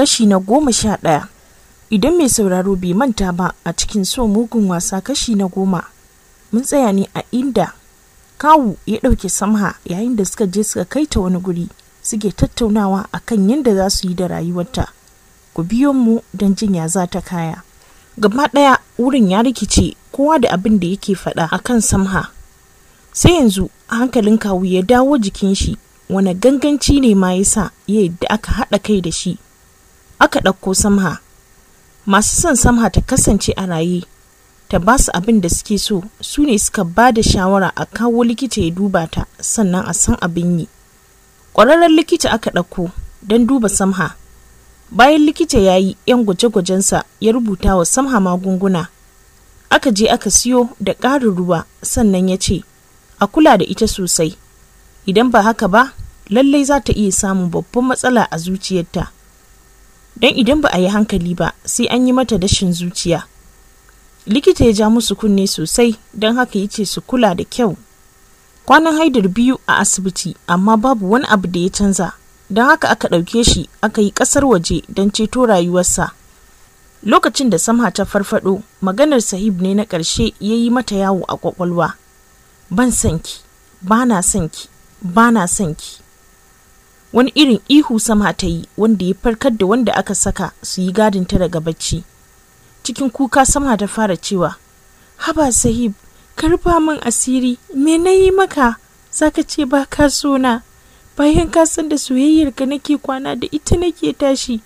kashi na goma sha ɗaya idan mai sauraro bai manta ba a cikin so mugun wasa kashi na goma mun tsaya ne a inda kawu ya ɗauke samha yayin da suka je suka kai ta wani guri suke tattaunawa a kan yadda za su yi da rayuwarta ku biyo mu don jin ya za ta kaya gaba ɗaya wurin ya rikice kowa da abin da yake faɗa akan samha sai yanzu hankalin kawu ya dawo jikin shi wani ganganci ne ma ya sa yadda aka haɗa kai da shi aka ɗauko samha masu son samha ta kasance a raye ta ba su abin da suke so su ne suka ba da shawara a kawo likita ya duba ta sannan a san abin yi ƙwararren likita aka ɗauko don duba samha bayan likita ya yi 'yan gwaje-gwajensa ya rubuta wa samha magunguna aka je aka siyo da ƙarin ruwa sannan ya ce a kula da ita sosai idan ba haka ba lallai za ta iya samun babban matsala a zuciyarta don idan ba a yi hankali ba sai an yi mata dashin zuciya likita ya ja musu kunne sosai don haka ya ce su kula da kyau kwanan haidar biyu a asibiti amma babu wani abu da ya canza don haka aka ɗauke shi aka yi ƙasar waje don ceto rayuwarsa lokacin da samha ta farfado maganar sahib ne na ƙarshe ya yi mata yawo a ƙwaƙwalwa ban sanki ba na sanki ba na sanki wani irin ihu sama ta yi wanda ya farkar da wanda aka saka su yi gadin ta daga bacci cikin kuka sama ta fara cewa haba sahib ka min asiri me na yi maka Za ka ce ba ka so na bayan ka san da soyayyar ka nake kwana da ita nake tashi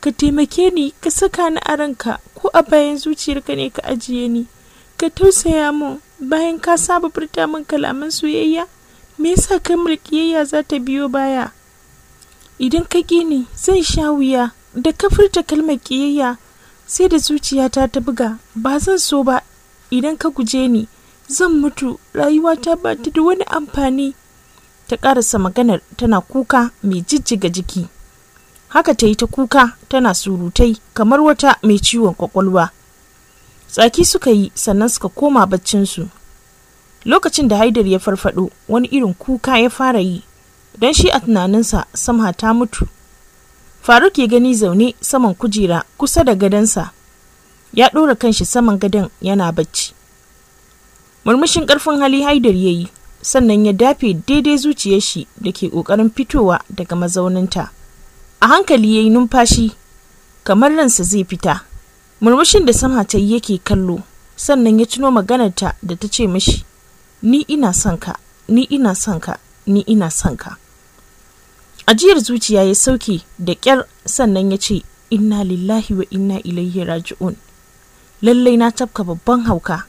ka taimake ni ka saka ni a ranka ko a bayan zuciyar ka ne ka ajiye ni ka tausaya min bayan ka saba furta min kalaman soyayya me yasa kai mulkiyayya za ta biyo baya idan ka gini zan sha wuya da ka furta kalmar ƙiyayya sai da zuciyata ta buga ba zan so ba idan ka guje ni zan mutu rayuwata ba ta da wani amfani ta ƙarasa maganar tana kuka mai jijjiga jiki haka ta yi ta kuka tana surutai kamar wata mai ciwon kwakwalwa tsaki suka yi sannan suka koma baccinsu lokacin da haidar ya farfado wani irin kuka ya fara yi don shi a tunaninsa samha ta mutu faruk ya gani zaune saman kujera kusa da gadonsa ya ɗora kanshi saman gadon yana bacci murmushin ƙarfin hali haidar ya yi sannan ya dafe daidai zuciyar shi da ke ƙoƙarin fitowa daga mazauninta a hankali ya yi numfashi kamar ransa zai fita murmushin da samha ta yi yake kallo sannan ya tuno maganarta da ta ce mashi. ni ina son ka ni ina son ka ni ina son ka ajiyar zuciya ya sauke da ƙyar sannan ya ce inna lillahi wa inna ilaihi raji'un lallai na tafka babban hauka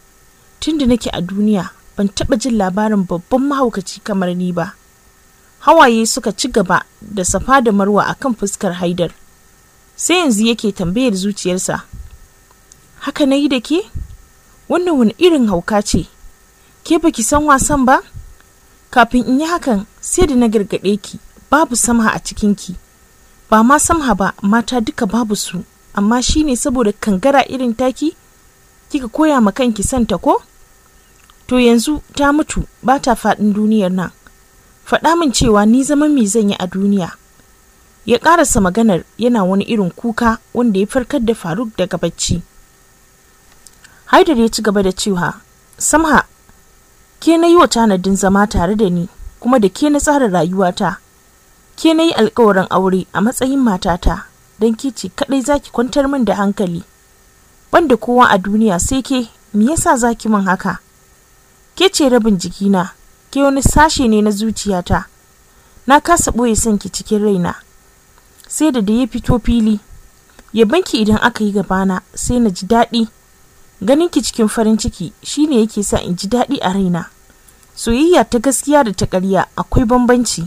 tunda nake a duniya ban taɓa jin labarin babban mahaukaci kamar ni ba hawaye suka ci gaba da safa da marwa a kan fuskar haidar sai yanzu yake tambayar zuciyarsa haka na yi da ke wannan wani irin hauka ce ke baki san wasan ba kafin in yi hakan sai da na gargaɗe ki babu samha a cikinki ba ma samha ba mata duka babu su amma shi ne saboda kangara irin taki kika koya ma kanki santa ko to yanzu ta mutu ba ta faɗin duniyar nan faɗa min cewa ni zama me zan yi a duniya ya ƙarasa maganar yana wani irin kuka wanda ya farkar da faruk daga bacci haidar ya ci gaba da cewa samha ke na yi wa tanadin zama tare da ni kuma da ke na tsara rayuwata ke na yi alkawarin aure a matsayin matata don ke ce kaɗai zaki kwantar min da hankali banda kowa a duniya sai ke me yasa zaki min haka ke ce rabin jikina ke wani sashe ne na zuciyata na kasa ɓoye son ki cikin raina sai da da ya fito fili ya banki idan aka yi gabana sai na ji daɗi ganin ki cikin farin ciki shine yake sa in ji daɗi a raina soyayya ta gaskiya da ta ƙarya akwai bambanci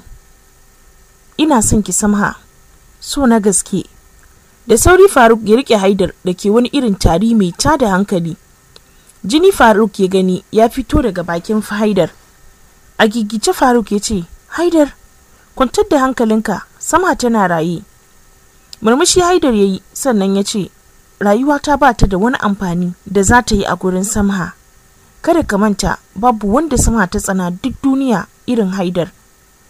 ina son ki samha so na gaske da sauri faruk ya rike haidar da ke wani irin tari mai ta da hankali jini faruk ya gani ya fito daga bakin haidar a gigice faruk ya ce haidar kwantar da hankalinka sama tana raye murmushi haidar ya yi sannan ya ce rayuwata ba ta da wani amfani da za ta yi a gurin samha kada ka manta babu wanda samha ta tsana duk duniya irin haidar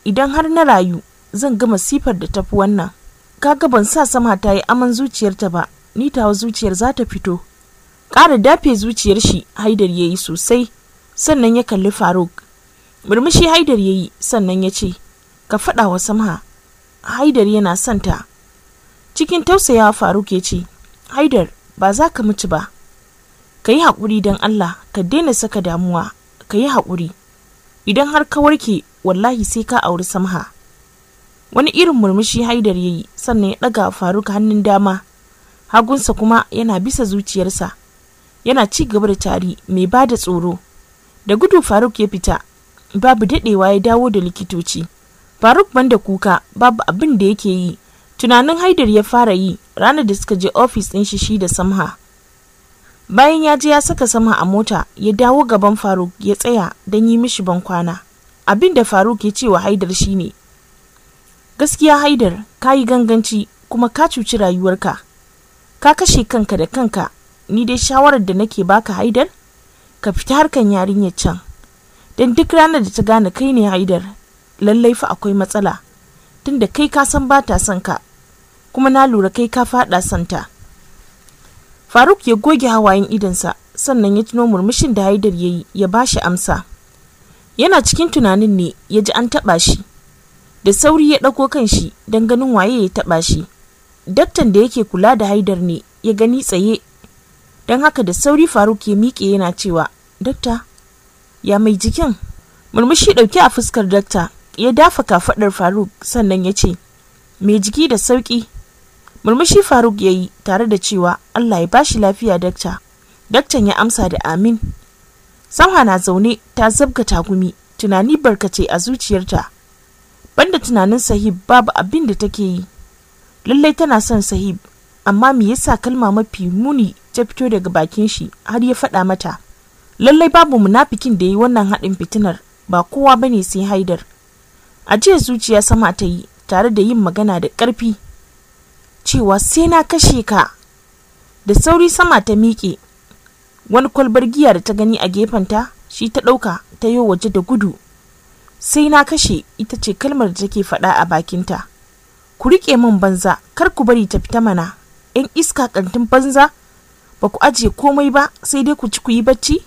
idan har na rayu zan gama sifar da tafi wannan kaga ban sa sama ta yi aman zuciyarta ba ni tawa zuciyar za ta fito ƙara dafe zuciyar shi haidar ya yi sosai sannan ya kalli faruk murmushi haidar ya yi sannan ya ce ka faɗa wa samha haidar yana son cikin tausayawa faruk ya ce haidar ba za ka mutu ba ka yi haƙuri don allah ka daina saka damuwa ka yi haƙuri idan har ka warke wallahi sai ka auri samha wani irin murmushi haidar ya yi sannan ya ɗaga faruk hannun dama hagunsa kuma yana bisa zuciyarsa yana ci gaba da tari mai ba da tsoro da gudu faruk ya fita babu daɗewa ya dawo da likitoci faruk banda kuka babu abin da yake yi tunanin haidar ya fara yi ranar da suka je ofis ɗin shi da samha bayan ya je ya saka samha a mota ya dawo gaban faruk ya tsaya don yi mishi bankwana abin da faruk ya ce wa haidar ne. gaskiya haidar ka yi ganganci kuma ka cuci rayuwarka ka kashe kanka da kanka ni dai shawarar da nake baka haidar ka fita harkan yarinyar can don duk ranar da ta gane kai ne haidar lallai fa akwai matsala tunda kai ka san ba ta son ka kuma na lura kai ka faɗa santa faruk ya goge hawayen idonsa sannan ya tuno murmushin da haidar ya yi ya ba shi amsa yana cikin tunanin ne ya ji an taɓa shi da sauri ya ɗauko kan shi don ganin waye ya taɓa shi daktan da yake kula da haidar ne ya gani tsaye don haka da sauri faruk ya miƙe yana cewa dakta ya mai jikin murmushi ɗauke a fuskar dakta ya dafa kafaɗar faruk sannan ya ce mai jiki da sauƙi murmushi faruk ya yi tare da cewa allah ya bashi lafiya dakta daktan ya amsa da amin samha na zaune ta zabga tagumi tunani barkace a zuciyarta banda tunanin sahib babu abin da take yi lallai tana son sahib amma me yasa kalma mafi muni ta fito daga bakin shi har ya faɗa mata lallai babu munafikin da yi wannan haɗin fitinar ba kowa bane sai haidar a jiya zuciya sama ta yi tare da yin magana da ƙarfi cewa sai na kashe ka da sauri sama ta miƙe wani kwalbar giya da ta gani a gefenta shi ta ɗauka ta yi waje da gudu sai na kashe ita ce kalmar da take faɗa a bakinta ku riƙe min banza kar ku bari ta fita mana ‘yan iska kantin banza ba ku ajiye komai ba sai dai ku ci ku yi bacci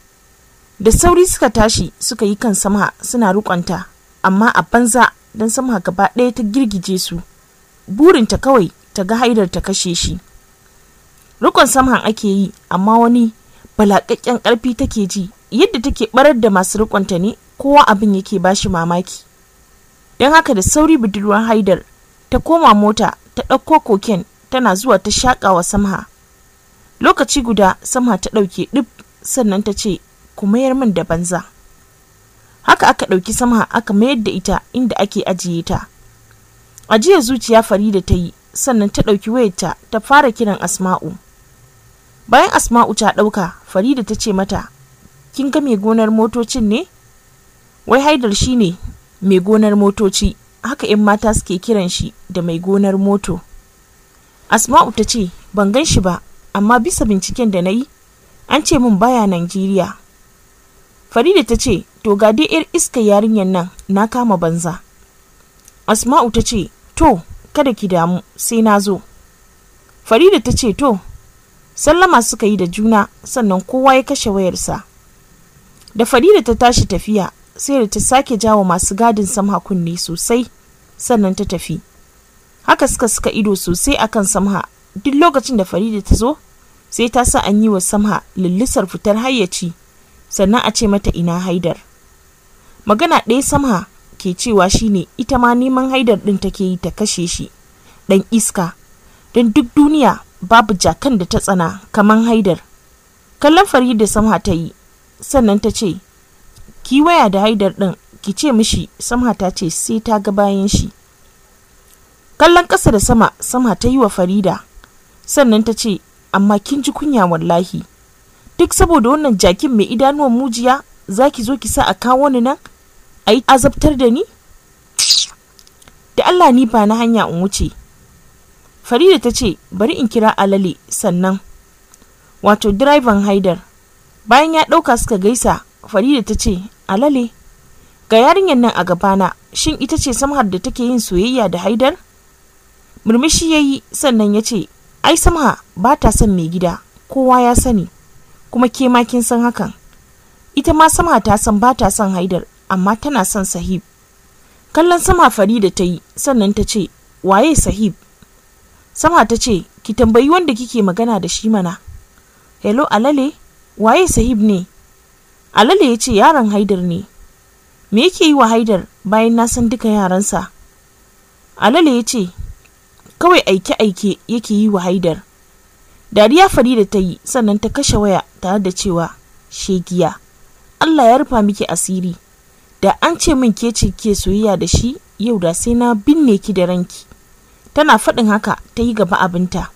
da sauri suka tashi suka yi kan samha suna rukonta amma a banza don samha gaba ɗaya ta girgije su burinta kawai ta ga haidar ta kashe shi rukon samhan ake yi amma wani balakakken karfi take ji yadda take barar da masu rukonta ne kowa abin yake bashi mamaki don haka da sauri budurwar haidar ta koma mota ta ɗauko koken tana zuwa ta shaƙa wa samha lokaci guda samha ta ɗauke ɗib sannan ta ce ku mayar min da banza haka aka ɗauki samha aka mayar da ita inda ake ajiye ta ajiyar zuciya farida ta yi sannan ta ɗauki wayarta ta fara kiran asma'u bayan asma'u ta ɗauka farida ta ce mata kin ga mai gonar motocin ne wai haidar shi ne mai gonar motoci haka 'yan mata suke kiran shi da mai gonar moto asma'u ta ce ban gan shi ba amma bisa binciken da na yi an ce min baya Najeriya. Farida ta ce, To ga dai 'yar iska yarinyar nan na kama banza. Asma'u ta ce, To, kada ki damu sai na zo farida ta ce to sallama suka yi da juna sannan kowa ya kashe wayarsa da farida ta tashi tafiya sai da ta sake jawo masu gadin samha kunne sosai sannan ta tafi haka suka suka ido sosai akan samha duk lokacin da farida ta zo sai ta sa an yi wa samha lullusar fitar hayyaci sannan a ce mata ina haidar magana ɗaya samha ke cewa shine ita ma neman haidar ɗin take yi ta kashe shi ɗan iska don duk duniya babu jakan da ta tsana kamar haidar kallon farida samha ta yi sannan ta ce ki waya da haidar ɗin ki ce mishi samha ta ce sai ta ga bayan shi kallon ƙasa da sama samha ta yi wa farida sannan ta ce amma kin ji kunya wallahi duk saboda wannan jakin mai idanuwan mujiya za ki zo ki sa a kawo nan a yi azabtar da ni da allah ni ba na hanya in wuce farida ta ce bari in kira alale sannan wato direban haidar bayan ya ɗauka suka gaisa farida ta ce alale ga yarinyar nan a gabana shin ita ce samhar da take yin soyayya da haidar murmushi ya yi sannan ya ce ai samha ba ta son mai gida kowa ya sani kuma ke ma san hakan ita ma samha ta san ba ta son haidar amma tana son sahib kallon sama farida ta yi sannan ta ce waye sahib sama ta ce ki tambayi wanda kike magana da shi mana hello alale waye sahib ne alale ya ce yaron haidar ne me yake yi wa haidar bayan na san duka yaransa alale ya ce kawai aike-aike yake yi wa haidar dariya farida ta yi sannan ta kashe waya tare da cewa shegiya allah ya rufa miki asiri da an ce min ke ce ke soyayya da shi yau da sai na binne ki da ranki tana faɗin haka ta yi gaba abinta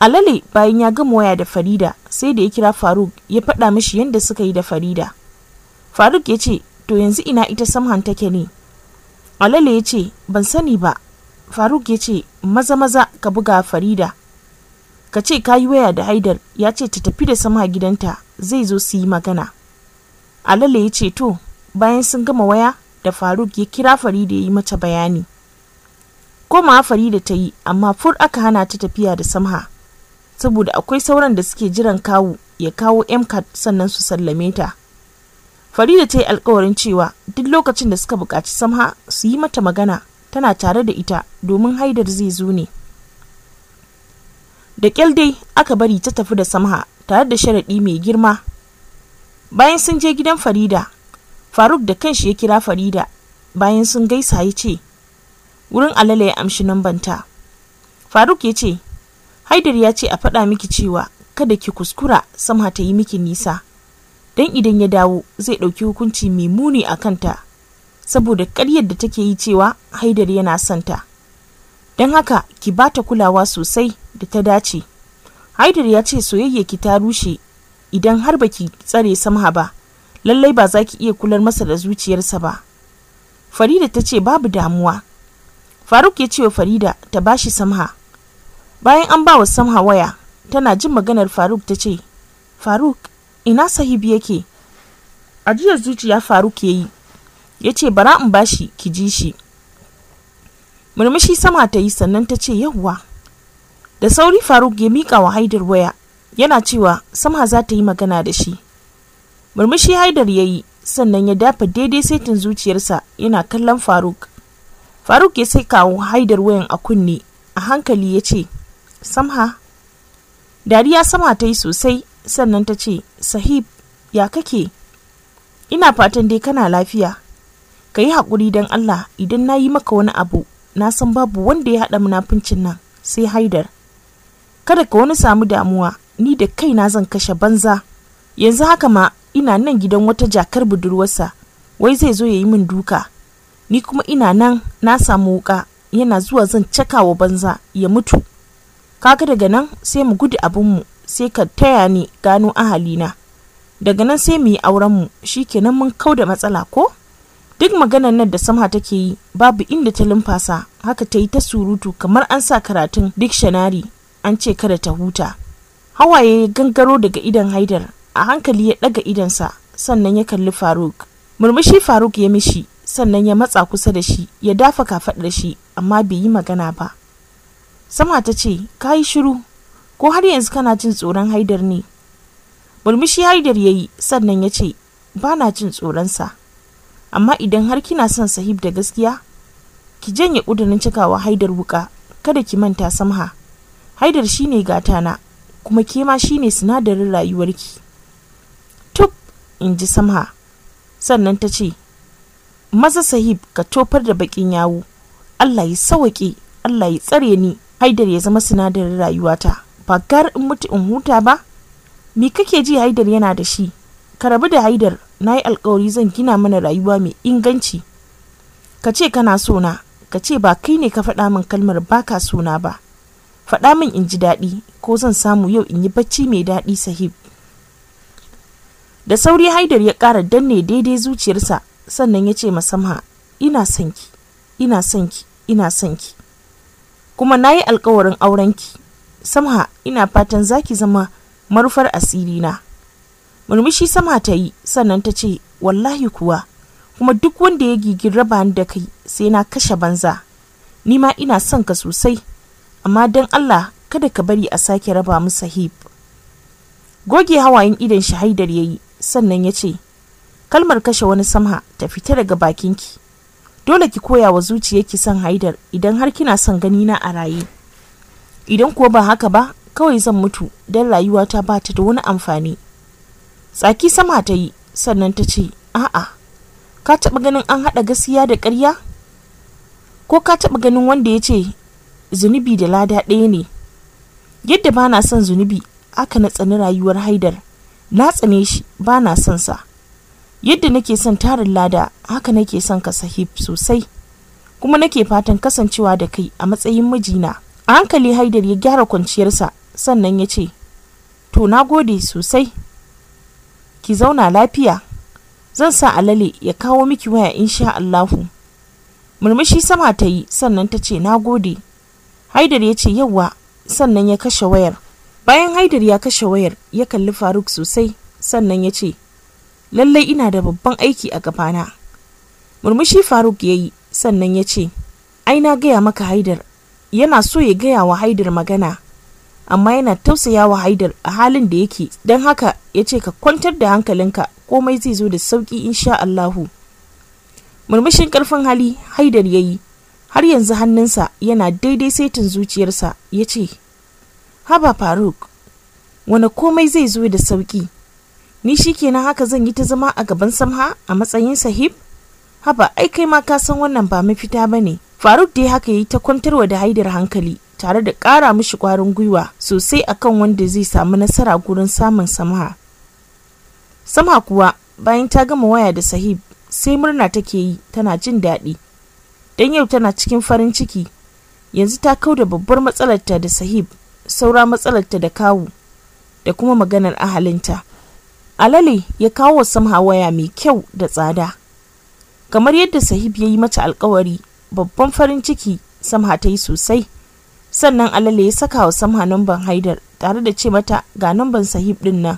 alale bayan ya gama waya da farida sai da ya kira faruk ya faɗa mishi yadda suka yi da farida faruk ya ce to yanzu ina ita samhan take ne alale ya ce ban sani ba faruk ya ce maza maza ka buga farida ka ce ka yi waya da haidar ya ce ta tafi da samha gidanta zai zo su yi magana alale ya ce to bayan sun gama waya da faruk ya kira farida ya yi mata bayani koma farida ta yi amma fur aka hana ta tafiya da samha saboda akwai sauran da suke jiran kawu ya kawo mcat sannan su sallame ta farida ta yi alkawarin cewa duk lokacin da suka buƙaci samha su yi mata magana tana tare da ita domin haidar zai zo ne da kyal dai aka bari ta tafi da samha tare da sharaɗi mai girma bayan sun je gidan farida faruk da kanshi ya kira farida bayan sun gaisa ya ce wurin alala ya amshi nambanta faruk ya ce haidar ya ce a faɗa miki cewa kada ki kuskura samha ta yi miki nisa don idan ya dawo zai ɗauki hukunci mai muni a kanta saboda ƙaryar da take yi cewa haidar yana santa don haka ki ba ta kulawa sosai da ta dace haidar ya ce soyayya ki ta rushe idan har baki tsare samha ba lallai ba za ki iya kular masa da zuciyarsa ba farida ta ce babu damuwa faruk ya ce wa farida ta bashi samha bayan an ba wa samha waya tana jin maganar faruk ta ce faruk ina sahibi yake ajiyar zuciya faruk ya yi ya ce bara in bashi ki ji shi murmushi sama ta yi sannan ta ce yawwa da sauri faruk ya miƙa wa haidar waya yana cewa samha za ta yi magana da shi murmushi haidar ya yi sannan ya dafa daidai saitin zuciyarsa yana kallon faruk faruk ya sai kawo haidar wayan a kunne a hankali ya ce samha dariya sama ta yi sosai sannan ta ce sahib ya kake ina fatan dai kana lafiya ka yi haƙuri don allah idan na yi maka wani abu na san babu wanda ya haɗa munafincin nan sai haidar kada ka wani samu damuwa ni da kaina zan kashe banza yanzu haka ma ina nan gidan wata jakar budurwarsa wai zai zo ya yi min duka ni kuma ina nan na samu wuka yana zuwa zan caka wa banza ya mutu kaga daga nan sai mu gudu abinmu sai ka taya ni gano ahalina daga nan sai mu yi aurenmu shi kenan mun kau da matsala ko duk maganar nan da samha take yi babu inda ta lumfasa haka ta yi ta surutu kamar an sa karatun dictionary an ce kada ta huta hawaye gangaro daga idan haidar a hankali ya ɗaga idonsa sannan ya kalli faruk murmushi faruk ya mishi sannan ya matsa kusa da shi ya dafa kafaɗar shi amma bai yi magana ba sama ta ce ka yi shiru ko har yanzu kana jin tsoron haidar ne murmushi haidar ya yi sannan ya ce ba na jin tsoronsa amma idan har kina son sahib da gaskiya ki janye ƙudurin cikawa haidar wuƙa. kada ki manta samha haidar shine gata na kuma ke shine sinadarin rayuwarki in ji samha sannan ta ce maza sahib ka tofar da bakin yawo allah ya sawaƙe allah ya tsare ni haidar ya zama sinadarin rayuwata ba gar in mutu in huta ba me kake ji haidar yana da shi ka rabu da haidar na yi alkawari zan gina mana rayuwa mai inganci ka ce kana sona ka ce ba kai ne ka faɗa min kalmar baka sona ba faɗa min in ji daɗi ko zan samu yau in yi bacci mai daɗi sahib da sauri haidar ya ƙara danne daidai zuciyarsa sannan ya ce masamha ina son ki ina son ki ina son ki kuma na yi alkawarin aurenki samha ina fatan za ki zama marufar asirina murmushi sama ta yi sannan ta ce wallahi kuwa kuma duk wanda ya gigin raba da kai sai na kashe banza ni ma ina son ka sosai amma don allah kada ka bari a sake raba mu sahib goge hawayen idan shahaidar ya yi sannan ya ce kalmar kashe wani samha ta fita daga bakinki dole ki koya wa ki son haidar idan har kina son gani na a raye idan kuwa ba haka ba kawai zan mutu don rayuwata ba ta da wani amfani tsaki sama ta yi sannan ta ce a'a ka taɓa ganin an haɗa gaskiya da ƙarya ko ka taɓa ganin wanda ya ce zunubi da lada ɗaya ne yadda ba na son zunubi aka na tsani rayuwar haidar na tsane shi ba na son sa yadda nake son tarin lada haka nake son ka sahib sosai kuma nake fatan kasancewa da kai a matsayin mijina a hankali haidar ya gyara kwanciyarsa sannan ya ce to na gode sosai ki zauna lafiya zan sa alale ya kawo miki waya insha Allahu murmushi sama ta yi sannan ta ce na gode haidar ya ce yawwa sannan ya kashe wayar bayan haidar ya kashe wayar ya kalli faruk sosai sannan ya ce lallai ina da babban aiki a gabana murmushi faruk ya yi sannan ya ce ai na gaya maka haidar yana so ya gaya wa haidar magana amma yana tausaya wa haidar a halin da yake don haka ya ce ka kwantar da hankalinka komai zai zo da sauki insha Allahu murmushin ƙarfin hali haidar ya yi har yanzu hannunsa yana daidai saitin zuciyarsa ya ce haba faruk wane komai zai zo da sauki ni shi kenan haka zan yi ta zama a gaban samha a matsayin sahib haba ai kai ma ka san wannan ba mafita ba ne faruk dai haka ya yi ta kwantarwa da haidar hankali tare da ƙara mishi ƙwarin gwiwa sosai akan wanda zai samu nasara gurin samun samha samha kuwa bayan ta gama waya da sahib sai murna take yi tana jin daɗi don yau tana cikin farin ciki yanzu ta kauda da babbar matsalarta da sahib saura matsalarta da kawu da kuma maganar ahalinta alale ya kawo wa samha waya mai kyau da tsada kamar yadda sahib ya yi mata alkawari babban farin ciki samha ta yi sosai sannan alale ya saka wa samha namban haidar tare da ce mata ga namban sahib din nan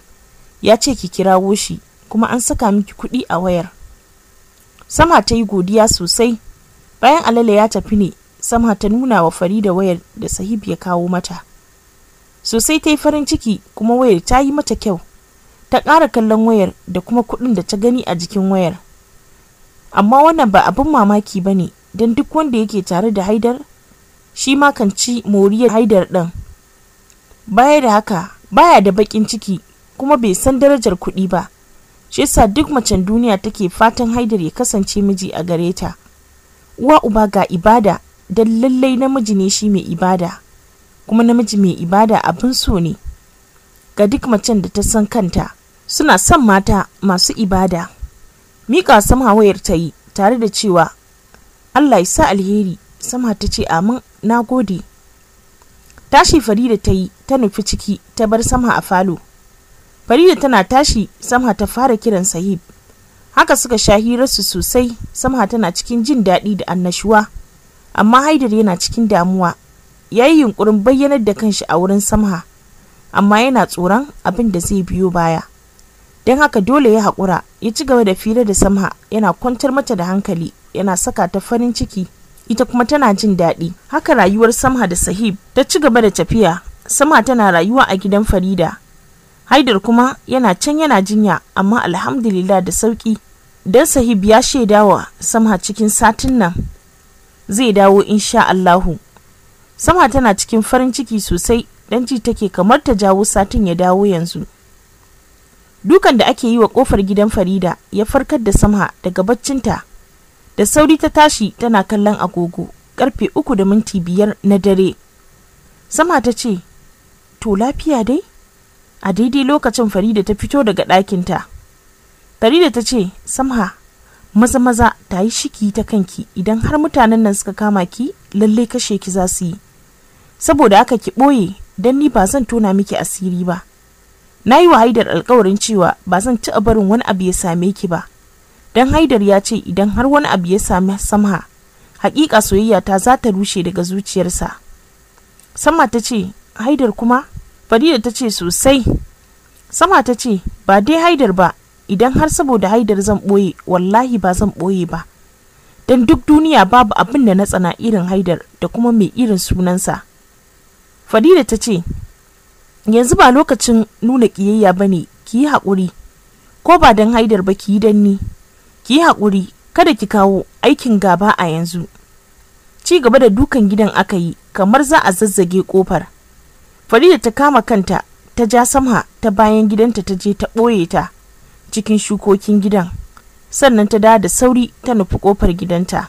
ya ce ki kirawo shi kuma an saka miki kuɗi a wayar samha ta yi godiya sosai bayan alale ya tafi ne samha ta nuna wa fari da wayar da sahib ya kawo mata sosai ta yi farin ciki kuma wayar ta yi mata kyau ta ƙara kallon wayar da kuma kuɗin da ta gani a jikin wayar amma wannan ba abin mamaki ba ne don duk wanda yake tare da haidar shi ma kan ci moriyar haidar ɗin baya da haka baya da baƙin ciki kuma bai san darajar kuɗi ba shi sa duk macen duniya take fatan haidar ya kasance miji a gare ta uwa uba ga ibada don lallai namiji ne shi mai ibada kuma namiji mai ibada abin so ne ga duk macen da ta san kanta suna son mata masu ibada miƙa sama wayar ta yi tare da cewa allah ya sa alheri sama ta ce amin na gode tashi farida ta yi ta nufi ciki ta bar sama a falo farida tana tashi sama ta fara kiran sahib haka suka sha hirarsu sosai sama tana cikin jin daɗi da annashuwa amma haidar yana cikin damuwa ya yi yunkurin bayyanar da kanshi a wurin samha amma yana tsoron abin da zai biyo baya don haka dole ya haƙura ya ci gaba da fira da samha yana kwantar mata da hankali yana saka ta farin ciki ita kuma tana jin daɗi haka rayuwar samha da sahib ta ci gaba da tafiya samha tana rayuwa a gidan farida haidar kuma yana can yana jinya amma alhamdulillah da sauƙi don sahib ya shaidawa samha cikin satin nan zai dawo insha Allahu sama tana cikin farin ciki sosai dan ji take kamar ta jawo satin ya dawo yanzu dukan da ake yi wa kofar gidan farida ya farkar da sama daga baccinta da sauri ta tashi tana kallon agogo karfe uku da minti biyar na dare sama ta ce to lafiya dai a daidai lokacin farida ta fito daga ɗakinta farida ta ce samha maza maza ta yi shiki ta kanki idan har mutanen nan suka kama ki lallai kashe ki za su yi saboda aka ki ɓoye don ni ba zan tona miki asiri ba na yi wa haidar alkawarin cewa ba zan ci barin wani abu ya same ki ba don haidar ya ce idan har wani abu ya same samha hakika soyayya ta za ta rushe daga zuciyarsa sama ta ce haidar kuma farida ta ce sosai sama ta ce ba dai haidar ba idan har saboda haidar zan ɓoye wallahi ba zan ɓoye ba don duk duniya babu abin da na tsana irin haidar da kuma mai irin sunansa Fadila ta ce, Yanzu ba lokacin nuna ƙiyayya ba ne, ki yi haƙuri, ko ba don haidar ba ki yi don ni, ki yi haƙuri, kada ki kawo aikin gaba a yanzu. Ci gaba da dukan gidan aka yi, kamar za a zazzage ƙofar. Farida ta kama kanta, ta ja samha ta bayan gidanta ta je ta ɓoye ta cikin shukokin gidan, sannan ta da da sauri ta nufi ƙofar gidanta.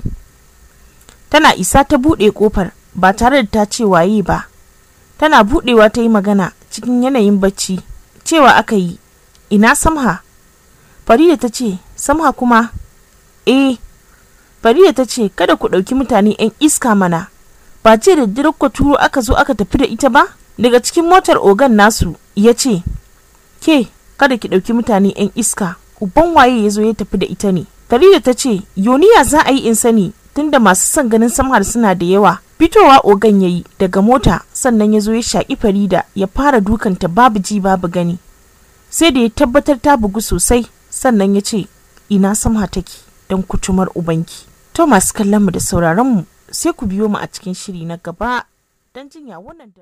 Tana isa ta buɗe ƙofar ba tare da ta ce waye ba. tana buɗewa ta yi magana cikin yanayin bacci cewa aka yi ina samha farida ta ce samha kuma eh farida ta ce kada ku ɗauki mutane 'yan iska mana ba ce da direkko turo aka zo aka tafi da ita ba daga cikin motar ogan nasu ya ce ke kada ki ɗauki mutane 'yan iska uban waye ya zo ya tafi da ita ne farida ta ce yoniya za a yi in sani tunda masu son ganin samhar suna da yawa fitowa ogan ya yi daga mota sannan ya zo ya shaƙi farida ya fara dukanta babu ji babu gani sai da ya tabbatar ta bugu sosai sannan ya ce ina samha take don kutumar ubanki to masu mu da mu sai ku biyo mu a cikin shiri na gaba don jinya wannan